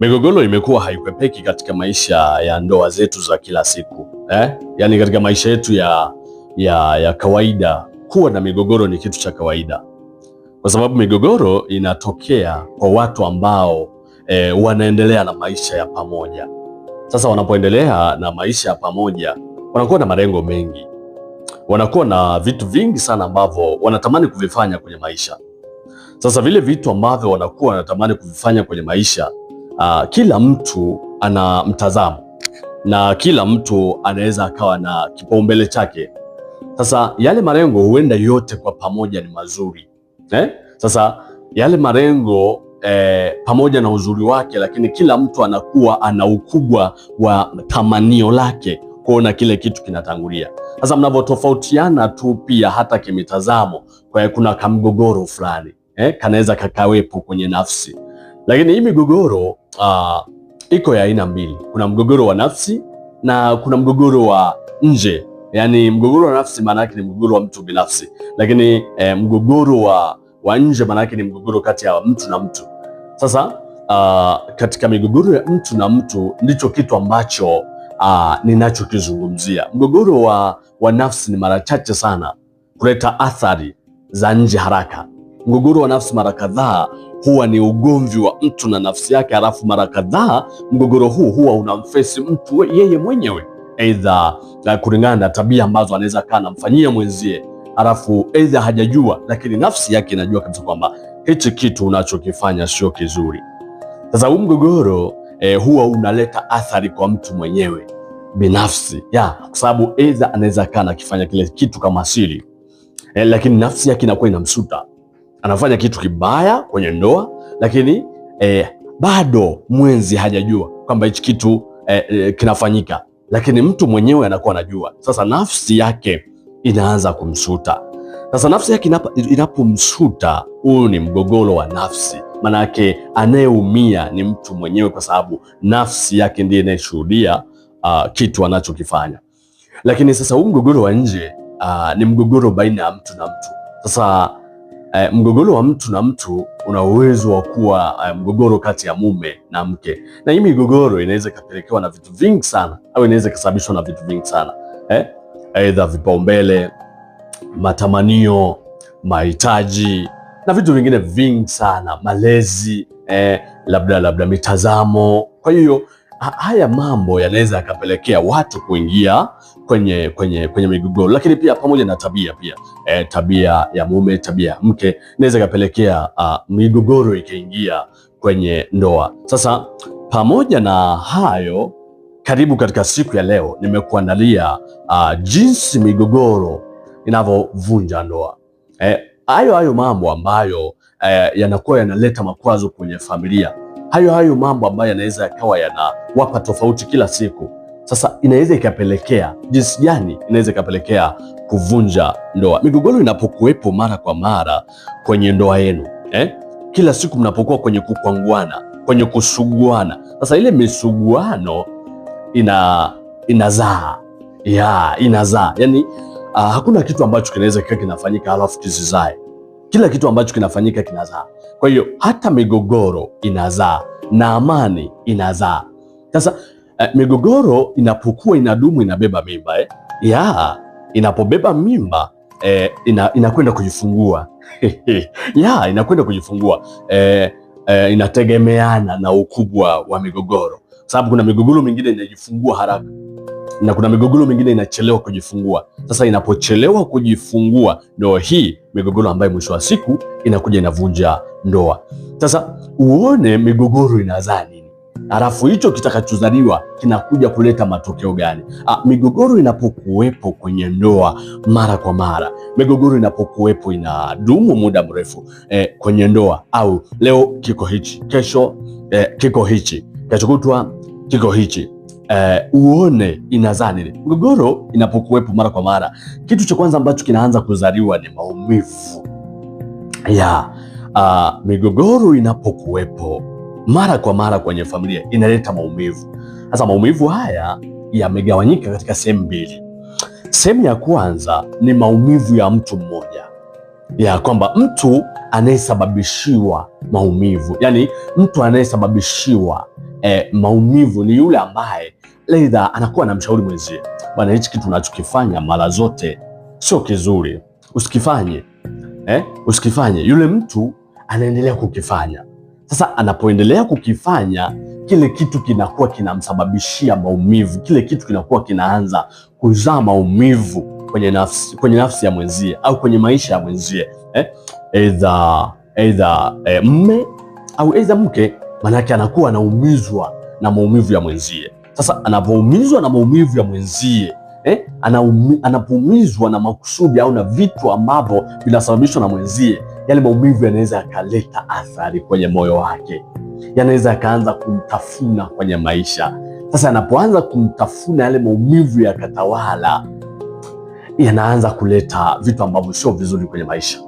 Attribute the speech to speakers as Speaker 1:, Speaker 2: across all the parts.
Speaker 1: Migogoro imekuwa haikwepeki katika maisha ya ndoa zetu za kila siku eh? Yaani katika maisha yetu ya, ya, ya kawaida kuwa na migogoro ni kitu cha kawaida, kwa sababu migogoro inatokea kwa watu ambao eh, wanaendelea na maisha ya pamoja. Sasa wanapoendelea na maisha ya pamoja, wanakuwa na malengo mengi, wanakuwa na vitu vingi sana ambavyo wanatamani kuvifanya kwenye maisha. Sasa vile vitu ambavyo wanakuwa wanatamani kuvifanya kwenye maisha uh, kila mtu ana mtazamo na kila mtu anaweza akawa na kipaumbele chake. Sasa yale malengo huenda yote kwa pamoja ni mazuri eh? Sasa yale malengo eh, pamoja na uzuri wake, lakini kila mtu anakuwa ana ukubwa wa tamanio lake kuona kile kitu kinatangulia. Sasa mnavyotofautiana tu pia hata kimitazamo, kwa kuna kamgogoro fulani eh, kanaweza kakawepo kwenye nafsi lakini hii migogoro uh, iko ya aina mbili. Kuna mgogoro wa nafsi na kuna mgogoro wa nje. Yaani mgogoro wa nafsi maana yake ni mgogoro wa mtu binafsi, lakini eh, mgogoro wa, wa nje maana yake ni mgogoro kati ya mtu na mtu. Sasa uh, katika migogoro ya mtu na mtu ndicho kitu ambacho uh, ninachokizungumzia. Mgogoro wa, wa nafsi ni mara chache sana kuleta athari za nje haraka. Mgogoro wa nafsi mara kadhaa huwa ni ugomvi wa mtu na nafsi yake, halafu mara kadhaa mgogoro huu huwa unamfesi mtu yeye mwenyewe, aidha kulingana na tabia ambazo anaweza kaa anamfanyia mwenzie, halafu aidha hajajua, lakini nafsi yake inajua kabisa kwamba hichi kitu unachokifanya sio kizuri. Sasa huu mgogoro e, huwa unaleta athari kwa mtu mwenyewe binafsi ya kwa sababu aidha anaweza kaa nakifanya kile kitu kama siri e, lakini nafsi yake inakuwa inamsuta anafanya kitu kibaya kwenye ndoa, lakini eh, bado mwenzi hajajua kwamba hichi kitu eh, eh, kinafanyika, lakini mtu mwenyewe anakuwa anajua. Sasa nafsi yake inaanza kumsuta. Sasa nafsi yake inapomsuta, huu ni mgogoro wa nafsi. Manake anayeumia ni mtu mwenyewe, kwa sababu nafsi yake ndiye inayeshuhudia uh, kitu anachokifanya. Lakini sasa huu mgogoro wa nje uh, ni mgogoro baina ya mtu na mtu. Sasa eh, mgogoro wa mtu na mtu una uwezo wa kuwa eh, mgogoro kati ya mume na mke, na hii migogoro inaweza ikapelekewa na vitu vingi sana, au inaweza ikasababishwa na vitu vingi sana eh, aidha vipaumbele, matamanio, mahitaji na vitu vingine vingi sana, malezi eh, labda labda mitazamo, kwa hiyo haya mambo yanaweza yakapelekea watu kuingia kwenye, kwenye, kwenye migogoro, lakini pia pamoja na tabia pia e, tabia ya mume, tabia ya mke inaweza ikapelekea ah, migogoro ikaingia kwenye ndoa. Sasa pamoja na hayo, karibu katika siku ya leo nimekuandalia ah, jinsi migogoro inavyovunja ndoa eh, hayo e, hayo mambo ambayo e, yanakuwa yanaleta makwazo kwenye familia hayo hayo mambo ambayo yanaweza yakawa yanawapa tofauti kila siku. Sasa inaweza ikapelekea jinsi gani? Inaweza ikapelekea kuvunja ndoa. Migogoro inapokuwepo mara kwa mara kwenye ndoa yenu eh? Kila siku mnapokuwa kwenye kukwanguana, kwenye kusuguana, sasa ile misuguano ina inazaa ya inazaa yani, uh, ah, hakuna kitu ambacho kinaweza kikawa kinafanyika alafu kisizae. Kila kitu ambacho kinafanyika kinazaa. Kwa hiyo hata migogoro inazaa na amani inazaa. Sasa eh, migogoro inapokuwa inadumu inabeba mimba eh? ya inapobeba mimba eh, ina, inakwenda kujifungua ya inakwenda kujifungua eh, eh, inategemeana na ukubwa wa migogoro, sababu kuna migogoro mingine inajifungua haraka na kuna migogoro mingine inachelewa kujifungua. Sasa inapochelewa kujifungua ndio hii migogoro ambayo mwisho wa siku inakuja inavunja ndoa. Sasa uone migogoro inazaa nini, alafu hicho kitakachozaliwa kinakuja kuleta matokeo gani? A, ah, migogoro inapokuwepo kwenye ndoa mara kwa mara, migogoro inapokuwepo inadumu muda mrefu e, kwenye ndoa, au leo kiko hichi, kesho e, kiko hichi, kesho kutwa kiko hichi eh, uone inazaa nini. Mgogoro inapokuwepo mara kwa mara, kitu cha kwanza ambacho kinaanza kuzaliwa ni maumivu ya uh, migogoro inapokuwepo mara kwa mara kwenye familia inaleta maumivu. Sasa maumivu haya yamegawanyika katika sehemu mbili. Sehemu ya kwanza ni maumivu ya mtu mmoja, ya kwamba mtu anayesababishiwa maumivu, yani mtu anayesababishiwa eh, maumivu ni yule ambaye Leidha anakuwa na mshauri mwenzie, bwana, hichi kitu unachokifanya mara zote sio kizuri, usikifanye eh? Usikifanye. Yule mtu anaendelea kukifanya. Sasa anapoendelea kukifanya kile kitu kinakuwa kinamsababishia maumivu, kile kitu kinakuwa kinaanza kuzaa maumivu kwenye nafsi, kwenye nafsi ya mwenzie au kwenye maisha ya mwenzie eh? Aidha aidha eh, mme au eidha mke, maanake anakuwa anaumizwa na maumivu ya mwenzie. Sasa anapoumizwa na maumivu ya mwenzie eh, anapoumizwa na makusudi au na vitu ambavyo vinasababishwa na mwenzie, yale maumivu yanaweza yakaleta athari kwenye moyo wake, yanaweza yakaanza kumtafuna kwenye maisha. Sasa yanapoanza kumtafuna, yale maumivu yakatawala, yanaanza kuleta vitu ambavyo sio vizuri kwenye maisha.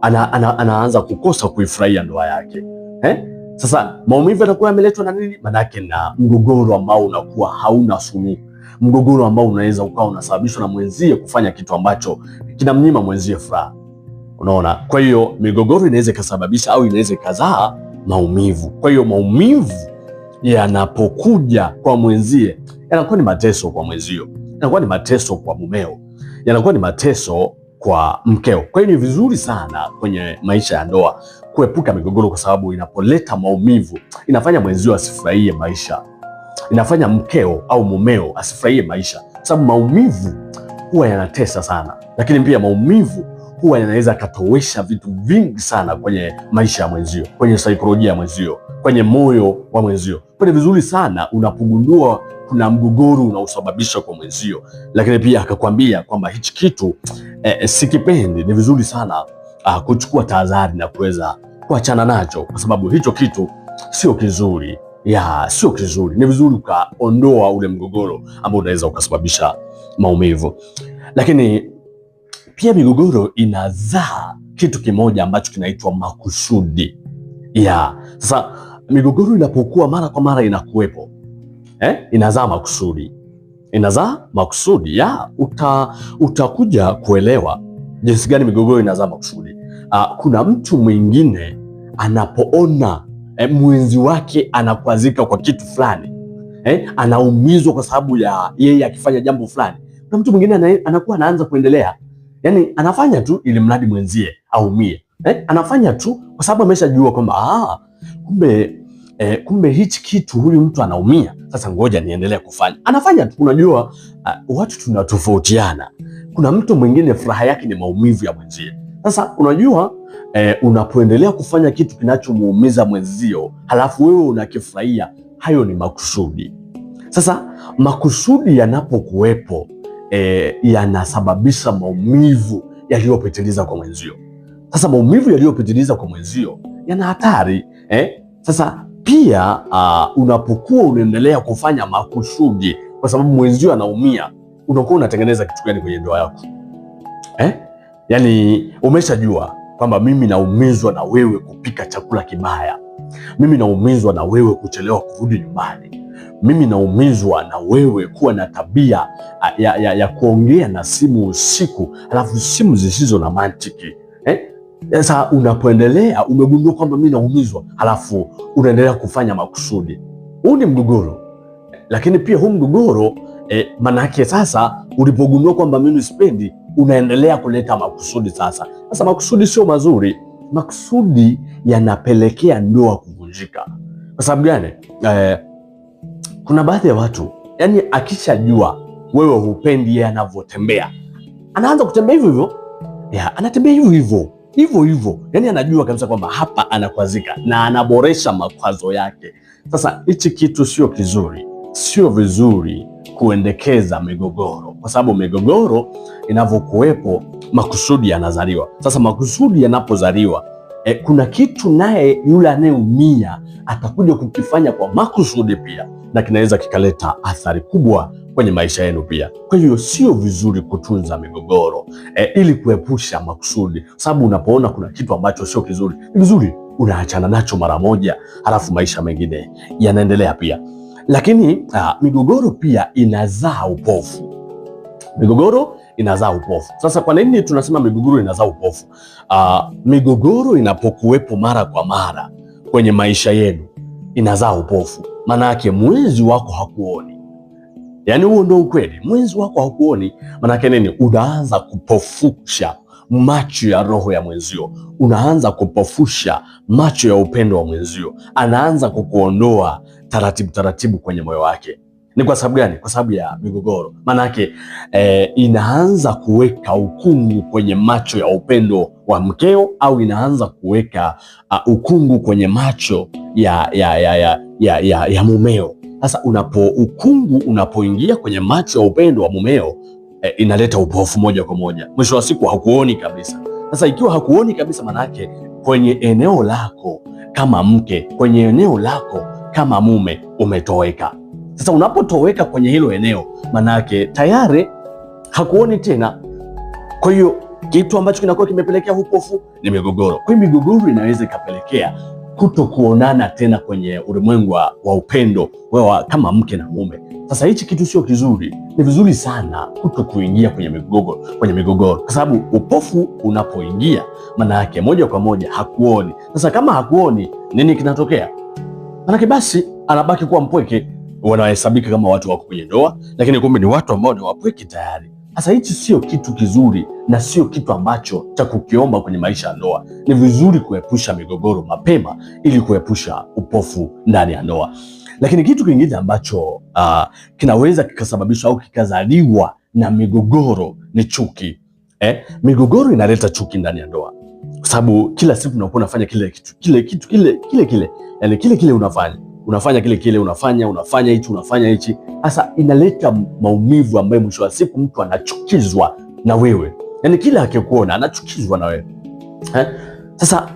Speaker 1: Ana, ana, anaanza kukosa kuifurahia ndoa yake eh? Sasa maumivu yanakuwa yameletwa na nini? Manake na mgogoro ambao unakuwa hauna suluhu, mgogoro ambao unaweza ukawa unasababishwa na mwenzie kufanya kitu ambacho kinamnyima mwenzie furaha. Unaona, kwa hiyo migogoro inaweza ikasababisha au inaweza ikazaa maumivu. Kwa hiyo maumivu yanapokuja kwa mwenzie yanakuwa ni mateso kwa mwenzio, yanakuwa ni mateso kwa mumeo, yanakuwa ni mateso kwa mkeo. Kwa hiyo ni vizuri sana kwenye maisha ya ndoa kuepuka migogoro, kwa sababu inapoleta maumivu inafanya mwenzio asifurahie maisha, inafanya mkeo au mumeo asifurahie maisha, kwa sababu maumivu huwa yanatesa sana, lakini pia maumivu huwa yanaweza katowesha vitu vingi sana kwenye maisha ya mwenzio, kwenye saikolojia ya mwenzio, kwenye moyo wa mwenzio. Ni vizuri sana unapogundua kuna mgogoro unaosababishwa kwa mwenzio, lakini pia akakwambia kwamba hichi kitu eh, eh sikipendi. Ni vizuri sana uh, kuchukua tahadhari na kuweza kuachana nacho, kwa sababu hicho kitu sio kizuri ya sio kizuri. Ni vizuri ukaondoa ule mgogoro ambao unaweza ukasababisha maumivu, lakini pia migogoro inazaa kitu kimoja ambacho kinaitwa makusudi ya. Sasa migogoro inapokuwa mara kwa mara inakuwepo, eh, inazaa makusudi, inazaa makusudi ya uta, utakuja kuelewa jinsi gani migogoro inazama kusudi. Uh, ah, kuna mtu mwingine anapoona eh, mwenzi wake anakwazika kwa kitu fulani eh, anaumizwa kwa sababu ya yeye akifanya jambo fulani, kuna mtu mwingine anakuwa anaanza kuendelea, yani anafanya tu ili mradi mwenzie aumie eh, anafanya tu kwa sababu ameshajua kwamba ah, kumbe e, kumbe hichi kitu huyu mtu anaumia, sasa ngoja niendelee kufanya. Anafanya tu. Unajua uh, watu tunatofautiana. Kuna mtu mwingine furaha yake ni maumivu ya mwenzie. Sasa unajua e, unapoendelea kufanya kitu kinachomuumiza mwenzio halafu wewe unakifurahia, hayo ni makusudi. Sasa makusudi yanapokuwepo e, yanasababisha maumivu yaliyopitiliza kwa mwenzio. Sasa maumivu yaliyopitiliza kwa mwenzio yana hatari eh? Sasa pia uh, unapokuwa unaendelea kufanya makusudi kwa sababu mwenzio anaumia, unakuwa unatengeneza kitu gani kwenye ndoa yako eh? Yani umeshajua kwamba mimi naumizwa na wewe kupika chakula kibaya, mimi naumizwa na wewe kuchelewa kurudi nyumbani mimi naumizwa na wewe kuwa na tabia ah, ya, ya, ya kuongea na simu usiku, alafu simu zisizo na mantiki eh? Sasa unapoendelea umegundua kwamba mi naumizwa, halafu unaendelea kufanya makusudi, huu ni mgogoro. Lakini pia huu mgogoro eh, manake sasa ulipogundua kwamba mimi sipendi, unaendelea kuleta makusudi sasa. Sasa makusudi sio mazuri, makusudi yanapelekea ndoa kuvunjika. Kwa sababu gani? E, kuna baadhi ya watu yani akishajua wewe hupendi yeye anavyotembea, anaanza kutembea hivyo hivyo, anatembea hivyo hivyo hivyo hivyo, yani anajua kabisa kwamba hapa anakwazika na anaboresha makwazo yake. Sasa hichi kitu sio kizuri, sio vizuri kuendekeza migogoro, kwa sababu migogoro inavyokuwepo, makusudi yanazaliwa. Sasa makusudi yanapozaliwa E, kuna kitu naye yule anayeumia atakuja kukifanya kwa makusudi pia, na kinaweza kikaleta athari kubwa kwenye maisha yenu pia. Kwa hiyo sio vizuri kutunza migogoro e, ili kuepusha makusudi, sababu unapoona kuna kitu ambacho sio kizuri, ni vizuri unaachana nacho mara moja, halafu maisha mengine yanaendelea pia. Lakini a, ah, migogoro pia inazaa upofu. Migogoro inazaa upofu. Sasa kwa nini tunasema migogoro inazaa upofu? A, ah, migogoro inapokuwepo mara kwa mara kwenye maisha yenu inazaa upofu, maana yake wako hakuoni Yaani huo ndio ukweli. Mwenzi wako haukuoni, maanake nini? Unaanza kupofusha macho ya roho ya mwenzio, unaanza kupofusha macho ya upendo wa mwenzio, anaanza kukuondoa taratibu taratibu kwenye moyo wake. Ni kwa sababu gani? Kwa sababu ya migogoro. Maanake eh, inaanza kuweka ukungu kwenye macho ya upendo wa mkeo, au inaanza kuweka uh, ukungu kwenye macho ya, ya, ya, ya, ya, ya, ya mumeo. Sasa unapo ukungu unapoingia kwenye macho ya upendo wa mumeo e, inaleta upofu moja kwa moja. Mwisho wa siku hakuoni kabisa. Sasa ikiwa hakuoni kabisa, manake kwenye eneo lako kama mke, kwenye eneo lako kama mume umetoweka. Sasa unapotoweka kwenye hilo eneo, manake tayari hakuoni tena. Kwa hiyo kitu ambacho kinakuwa kimepelekea upofu ni migogoro. Kwa hiyo migogoro inaweza ikapelekea kuto kuonana tena kwenye ulimwengu wa upendo wewe kama mke na mume. Sasa hichi kitu sio kizuri, ni vizuri sana kuto kuingia kwenye migogoro, kwenye migogoro, kwa sababu upofu unapoingia, maana yake moja kwa moja hakuoni. Sasa kama hakuoni, nini kinatokea? Maanake basi anabaki kuwa mpweke, wanahesabika kama watu wako kwenye ndoa, lakini kumbe ni watu ambao ni wapweke tayari. Sasa hichi sio kitu kizuri na sio kitu ambacho cha kukiomba kwenye maisha ya ndoa. Ni vizuri kuepusha migogoro mapema ili kuepusha upofu ndani ya ndoa. Lakini kitu kingine ambacho uh, kinaweza kikasababishwa au kikazaliwa na migogoro ni chuki. Eh, migogoro inaleta chuki ndani ya ndoa, kwa sababu kila siku unakuwa unafanya kile kitu kile kitu kile kile kile, yani kile kile unafanya unafanya kile kile, unafanya unafanya hichi unafanya hichi. Sasa inaleta maumivu ambayo mwisho wa siku mtu anachukizwa na wewe, yani kila akikuona anachukizwa na wewe eh? Sasa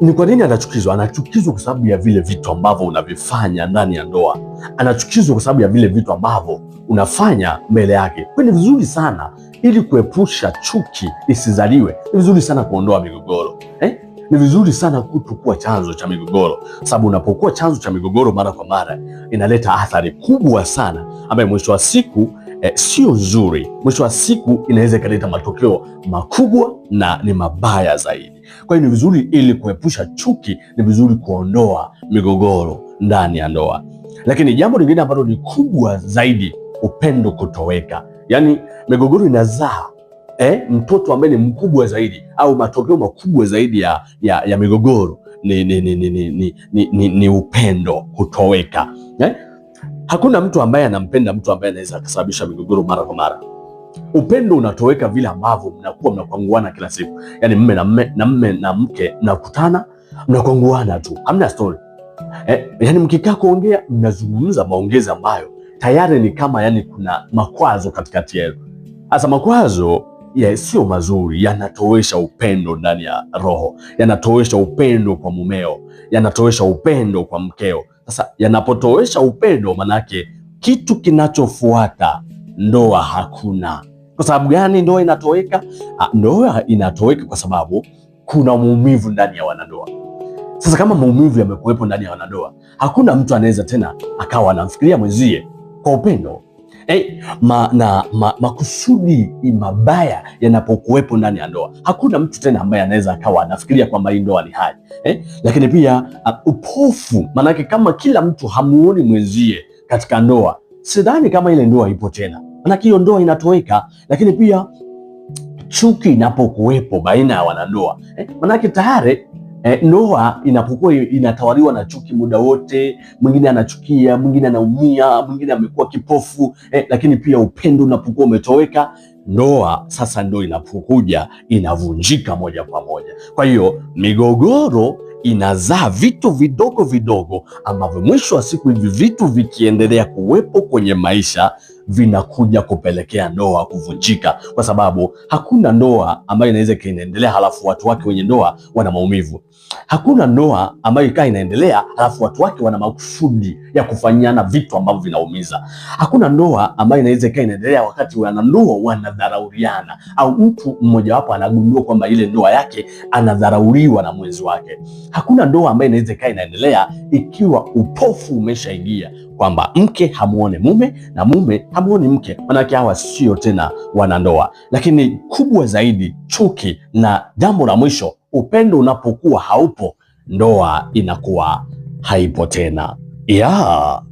Speaker 1: ni kwa nini anachukizwa? Anachukizwa kwa sababu ya vile vitu ambavyo unavifanya ndani ya ndoa, anachukizwa kwa sababu ya vile vitu ambavyo unafanya mbele yake. Kwa ni vizuri sana, ili kuepusha chuki isizaliwe, ni vizuri sana kuondoa migogoro eh? ni vizuri sana kutokuwa chanzo cha migogoro, sababu unapokuwa chanzo cha migogoro mara kwa mara inaleta athari kubwa sana ambayo mwisho wa siku e, sio nzuri. Mwisho wa siku inaweza ikaleta matokeo makubwa na ni mabaya zaidi. Kwa hiyo ni vizuri, ili kuepusha chuki, ni vizuri kuondoa migogoro ndani ya ndoa. Lakini jambo lingine ambalo ni kubwa zaidi, upendo kutoweka, yaani migogoro inazaa eh, mtoto ambaye ni mkubwa zaidi au matokeo makubwa zaidi ya, ya, ya migogoro ni, ni, ni, ni, ni, ni, ni upendo hutoweka eh? Hakuna mtu ambaye anampenda mtu ambaye anaweza akasababisha migogoro mara kwa mara. Upendo unatoweka vile ambavyo mnakuwa mnakwanguana kila siku, yaani mme na mme na mme na mke mnakutana mnakwanguana tu, hamna stori eh, yaani mkikaa kuongea mnazungumza maongezi ambayo tayari ni kama yani kuna makwazo katikati yenu. Hasa makwazo ya sio mazuri, yanatowesha upendo ndani ya roho, yanatowesha upendo kwa mumeo, yanatowesha upendo kwa mkeo. Sasa yanapotowesha upendo, manake kitu kinachofuata ndoa hakuna. Kwa sababu gani ndoa inatoweka? Ah, ndoa inatoweka kwa sababu kuna maumivu ndani ya wanandoa. Sasa kama maumivu yamekuwepo ndani ya wanandoa, hakuna mtu anaweza tena akawa anamfikiria mwenzie kwa upendo. Hey, eh, ma, na, ma, makusudi mabaya yanapokuwepo ndani ya ndoa, hakuna mtu tena ambaye anaweza akawa anafikiria kwamba hii ndoa ni hai hey. Eh, lakini pia uh, upofu, maanake kama kila mtu hamuoni mwenzie katika ndoa, sidhani kama ile ndoa ipo tena, maanake hiyo ndoa inatoweka. Lakini pia chuki inapokuwepo baina ya wanandoa eh, maanake tayari Eh, ndoa inapokuwa inatawaliwa na chuki muda wote, mwingine anachukia, mwingine anaumia, mwingine amekuwa kipofu eh, lakini pia upendo unapokuwa umetoweka, ndoa sasa ndo inapokuja inavunjika moja kwa moja. Kwa hiyo migogoro inazaa vitu vidogo vidogo ambavyo mwisho wa siku hivi vitu vikiendelea kuwepo kwenye maisha vinakuja kupelekea ndoa kuvunjika, kwa sababu hakuna ndoa ambayo inaweza inaendelea halafu watu wake wenye ndoa wana maumivu. Hakuna ndoa ambayo ikaa inaendelea halafu watu wake wana makusudi ya kufanyana vitu ambavyo vinaumiza. Hakuna ndoa ambayo inaweza ikaa inaendelea wakati wanandoa wanadharauriana, au mtu mmojawapo anagundua kwamba ile ndoa yake anadharauriwa na mwenzi wake. Hakuna ndoa ambayo inaweza ikaa inaendelea ikiwa upofu umeshaingia kwamba mke hamuone mume na mume hamuoni mke, manake hawa sio tena wanandoa. Lakini kubwa zaidi, chuki. Na jambo la mwisho, upendo unapokuwa haupo, ndoa inakuwa haipo tena ya yeah.